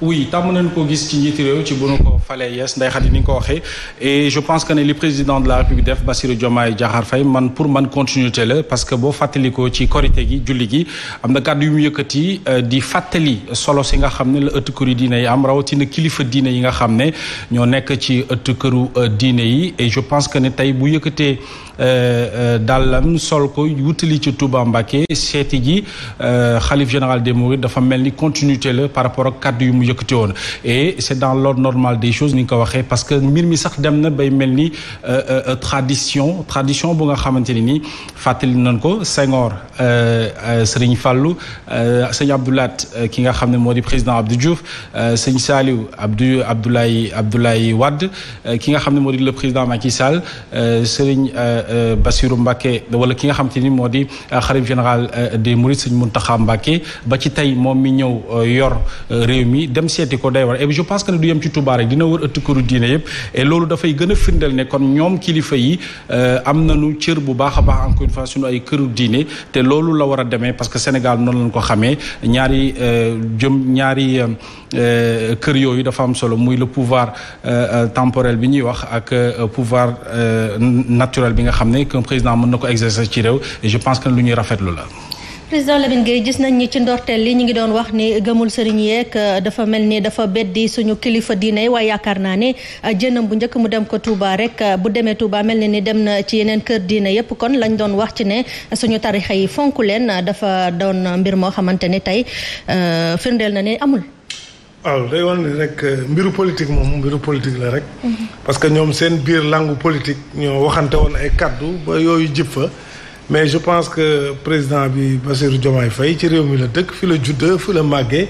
oui tàmm nañu ko gis ci njiiti réew ci bu nu ko falee yees nday xadi ni nga ko waxee et je pense que ne li président de la république def Bassirou Diomaye Diakhar Faye man pour man continuité la parce que boo fàttalikoo ci korité gi julli gi am na kàddu yu mu yëkkati euh, di fàttali solo si nga xam ne la ëtt këru diine yi am rawatina kilifa diine yi nga xam ne ñoo nekk ci ëtt këru euh, diine yi et je pense que ne tey bu yëkkatee Euh, euh, dàllam sol ko wutali ci Touba Mbacké seeti ji euh, xalif général de Mourides dafa mel ni continuité la par rapport ak kàddu yu mu yëkkati woon et c'est dans l'ordre normal des choses ni nga ko waxee parce que mbir mi sax dem na bay mel ni tradition tradition bu nga xamante ne ni fàttali nañ ko Senghor Serigne Fallou sëñ Abdoulaat ki nga xam ne moo di président Abdou Diouf sëñ Saliou Abdou Abdoulaye Abdoulaye Wade ki nga xam ne moo di le président Macky Sall Serigne Euh, Bassirou Mbacké wala ki nga xam te ni moo di euh, xalif général euh, des Mourides Sëñ Mountakha Mbacké ba ci tey moom mi ñëw yor réew mi dem seeti ko day war et je pense que ne du yem ci Touba dina wër ëtt këru diine yëpp loolu dafay gën a ne kon ñoom kilifa yi am nañu cër bu baax a baax encore une fois suñu ay këru diine te loolu la war a demee parce que Sénégal noonu lañ xamee ñaari jëm ñaari kër yooyu dafa am solo muy le pouvoir temporel bi ñuy wax ak pouvoir naturel bi nga xam xam ne qu'un président mën na ko exercer ci réew je pense que lu ñuy rafetlu la. président Lamine Gueye gis nañ ni ci ndorteel li ñu ngi doon wax ni gëmul sëriñ yeeg euh, dafa mel ni dafa beddi suñu kilifa diine waaye yaakaar naa ne euh, jënam bu njëkk mu dem ko Touba rek euh, bu demee Touba mel na ni dem na ci yeneen kër diine yépp kon lañ doon wax ci ne suñu tarixa yi fonk leen dafa doon mbir moo xamante ni tey firndeel na ne amul. waaw day wan ni rek euh, mbiru politique moom mbiru politique la rek. Mm-hmm. parce que ñoom seen biir langue politique ñoo waxante woon ay kàddu ba yooyu jib fa. mais je pense que président bi Bassirou Diomaye fay ci réew mi la dëkk fi la judd fi la màggee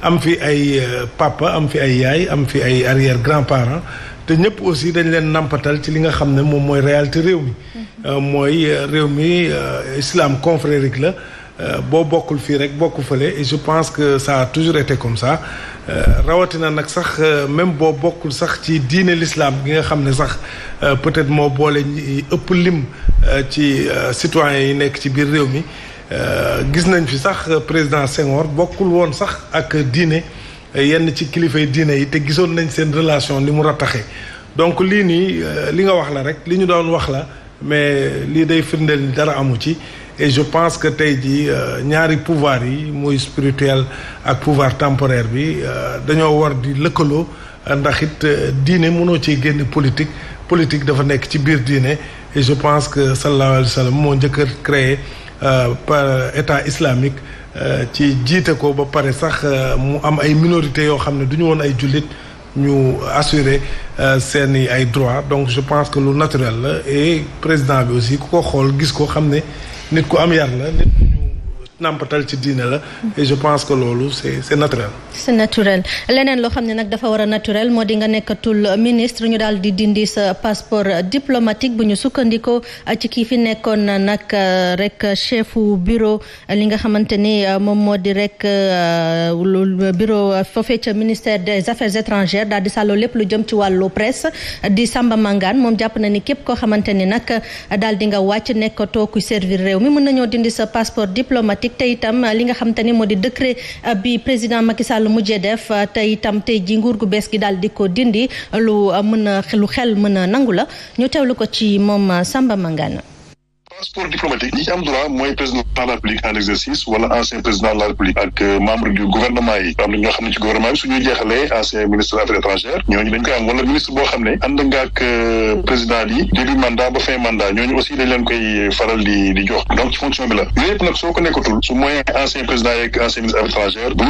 am fi ay euh, papa am fi ay yaay am fi ay arrière grands parent te ñëpp aussi dañ leen nampatal ci li nga xam ne moom mooy réalité réew mi. Mm-hmm. Euh, mooy réew mi islam confrérique la. Euh, boo bokkul fii rek bokk fële je pense que ça a toujours été comme ça euh, rawatina nag sax euh, même boo bokkul sax ci diine lislaam bi nga xam ne sax peut-être moo boole ñi ëpp lim ci citoyens yi nekk ci biir réew mi gis nañ fi sax président Senghor bokkul woon sax ak diine yenn ci kilifay diine yi te gisoon nañ seen relation ni mu rattaxee donc lii nii li nga wax la rek li ñu doon wax la mais lii day firndeel ni dara amu ci et je pense que tey jii euh, ñaari pouvoir yi muy spirituel ak pouvoir temporaire bi euh, dañoo war di lëkkaloo euh, ndax it diine mënoo ci génn politique politique dafa nekk ci biir diine et je pense que sallallahu alayhi wa moo njëkk a créé par état islamique ci jiite ko ba pare sax mu am ay minorité yoo xam ne duñu woon ay jullit ñu assurer euh, seeni ay droits donc je pense que lu naturel la et président bi aussi ku ko xool gis ko xam ne nit ku am yar la nit nàmpatal ci diine la et je pense que loolu c'est naturel c'est naturel leneen loo xam ne nag dafa war a naturel moo di nga nekkatul ministre ñu daal di dindi sa passeport diplomatique bu ñu sukkandikoo ah, ci kii fi nekkoon na nag ah, rek chefu bureau ah, li nga xamante ni moom moo di rek bureau foofee ca ministère des affaires étrangères daal di sàlloo lépp lu jëm ci wàllu presse di Samba Mangane moom jàpp na ni képp koo xamante ni nag daal di nga wàcc nekkatoo pratique te itam li nga xam te moo di décret euh, bii président Macky Sall mujjee def euh, te itam tey ji nguur gu bees gi daal di ko dindi lu euh, mën a lu xel mën a nangu la ñu teewlu ko ci moom Samba Mangane passeport diplomatique ñi ci am droit mooy président la République en exercice wala ancien président de la République ak euh, membre du gouvernement yi am na ñoo xam ne ci gouvernement bi suñuy jeexalee ancien ministre des affaires ñooñu dañ koy am wala ministre boo xam ne ànd nga ak euh, président yi début mandat ba fin mandat ñooñu aussi dañ leen koy faral di di jox donc ci fonction bi la loolu yëpp nag soo ko nekkatul su mooy ancien président yeeg ancien ministre des affaires étrangères bu ñu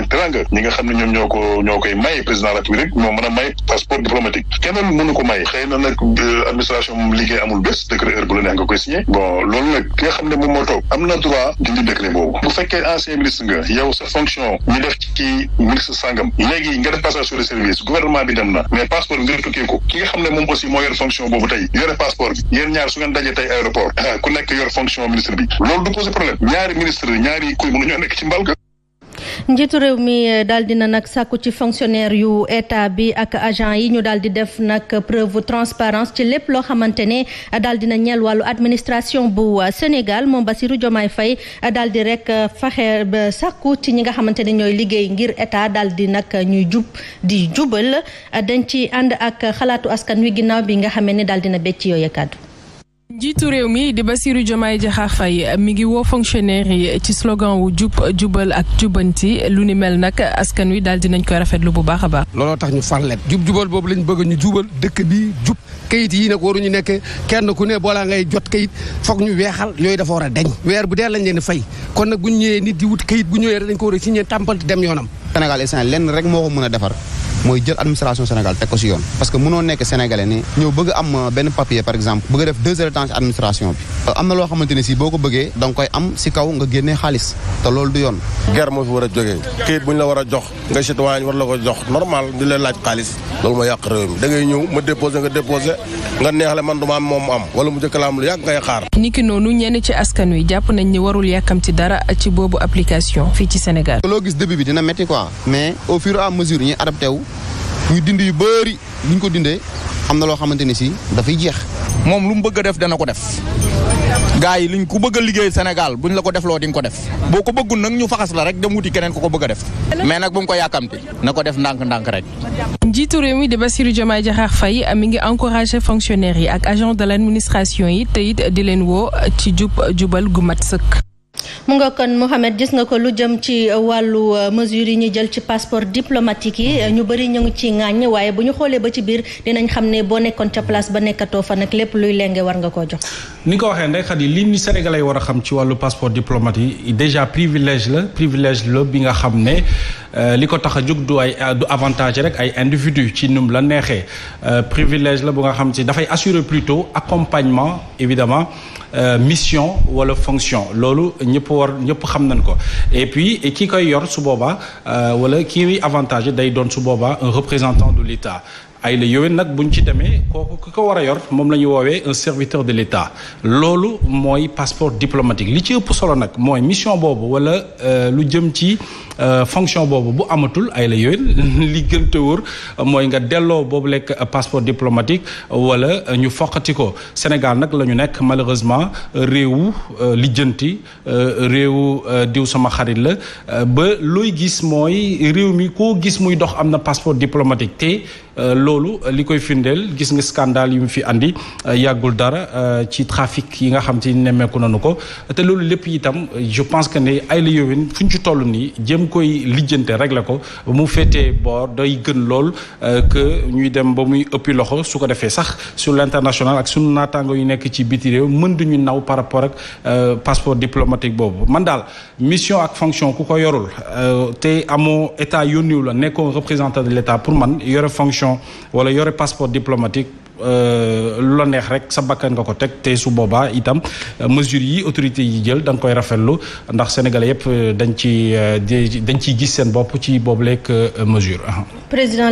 ak teranga ñi nga xam ne ñoom ñoo ko ñoo koy may président de moo mën a may passeport diplomatique keneen mënu ko may xëy nag euh, administration liggéey amul bés décret bu la neex nga koy signé bon loolu nag ki nga xam ne moom moo moo yor fonction boobu tey yore ñaar su ngeen dajee tey aéroport ah, ku nekk yor fonction ministre bi loolu du poser problème ñaari ministre ñaari kuy mënu ñoo nekk ci mbal ga njiitu réew mi eh, daal na nag sàkku ci fonctionnaire yu état bi ak agent yi ñu daal di def nag preuve transparence ci lépp loo xamante ne daal dina ñel wàllu administration bu eh, Sénégal moom Bassirou Diomaye Faye eh, daal di rek faxe ba sàkku ci ñi nga xamante ne ñooy liggéey ngir état daal di nag ñuy jub di jubal dañ ci ànd ak xalaatu askan wi ginnaaw bi nga xamee ne daal dina becc yooyu kàddu njiitu réew mi di Bassirou Diomaye Diakhar Faye eh, mi ngi woo fonctionnaire yi ci slogan wu jub jubal ak jubanti lu ni mel nag askan wi daal dinañ koy rafetlu bu baaxa a baax. looloo tax ñu farlet jub jubal boobu lañu bëgg ñu jubal dëkk bi jub kayit yi waru ñu nekk kenn ku ne boolaa ngay jot kayit foog ñu weexal yooyu dafa war a deñ weer bu dee lañ leen fay kon nag bu ñu ñëwee nit di wut kayit bu ñëwee dañ ko war a signé tàmpal dem yoonam. Sénégal instant lenn rek moo ko mën a defar. mooy jël administration Sénégal teg ko si yoon parce que mënoo nekk sénégalais ni ñëw bëgg am euh, benn papier par exemple bëgg def deux temps administration bi euh, am na loo xamante ne si boo ko bëggee danga koy am si kaw nga génnee xaalis te loolu du yoon ger moo fi war a jógee këyit bu ñu la war a jox nga citoyen war la ko jox normal di laaj xaalis loolu ma yàq réew mi da ngay ñëw ma déposé nga déposé nga neexle man duma am moom am wala mu jëkk la am lu yàgg ngay xaar niki noonu ñenn ci askan wi jàpp nañ ni warul yàkkam ci dara ci boobu application fii ci Sénégal loo gis début bi dina métti quoi mais au fur et à mesure adapté wu ñu dind yu bëri bu ñu ko dindee xam na loo xamante ni si dafay jeex. moom lu mu bëgg def dana ko def gaa yi luñ ku bëgg a liggéey Sénégal buñ la ko defloo di nga ko def boo ko bëggul nag ñu faxas la rek dem wuti keneen ko ko bëgg def mais nag bu mu ko yàkkamti na ko def ndànk-ndànk rek. njiitu réew mi di Bassirou Diomaye Diakhar fay mi ngi encouragé fonctionnaires yi ak agent de l' administration yi teyit it di leen woo ci jub jubal gu mat sëkk. mu nga kon Mohamed gis nga ko lu jëm ci uh, wàllu uh, mesures yi ñu jël ci passeport diplomatique yi uh, ñu bari ñu ngi ci ŋàññ waaye bu ñu xoolee ba ci biir dinañ xam ne boo nekkoon ca place ba nekkatoo fa nag lépp luy lenge war nga koo jox. ni nga ko waxee ndey xat yi li ni Sénégalais war a xam ci wàllu passeport diplomatique yi déjà privilège la privilège la bi nga xam ne. Euh, li ko tax a jóg du ay euh, du avantage rek ay individu ci num la neexee euh, privilège la bu nga xam ci dafay assurer plutôt accompagnement évidemment mission wala fonction loolu ñëpp war ñëpp xam nañ ko et puis ki koy yor su boobaa wala kii avantage day doon su boobaa un représentant de l'État ay la yowén nag buñ ci demee kooku ki ko war a yor moom la ñu woowee un serviteur de l'État loolu mooy passeport diplomatique li ci ëpp solo nag mooy mission boobu wala lu jëm ci Euh, fonction boobu bu amatul ay la yowén li gën te mooy nga delloo boobu lekk passeport diplomatique wala ñu foqati ko Sénégal nag la ñu nekk malheureusement réewu euh, lijjanti euh, réewu diw sama xarit la ba looy gis mooy réew mi ko gis muy dox am na passeport diplomatique te loolu li koy findeel gis nga scandale yu mu fi andi yàggul dara ci trafic yi nga xam ci nemeeku nanu ko te loolu lépp itam je pense que ne ay la yowén fu ñu ci toll nii jëm koy lijjante régler ko mu féetee boor day gën lool euh, que ñuy dem ba muy ëppi loxo su ko defee sax sur l'international ak suñu naataango yu nekk ci biti réew mën duñu naw par rapport ak euh, passeport diplomatique boobu man daal mission ak fonction ku ko yorul euh, te amoo état yónniw la nekkoon représentant de l'état pour man yore fonction wala yore passeport diplomatique Euh, lu la neex rek sa bakkan nga ko teg te su boobaa itam euh, mesures yi autorités yi jël da nga koy rafetlu ndax sénégal yëpp euh, dañ ci dañ ciy gis seen bopp ci boobu lekk mesure. président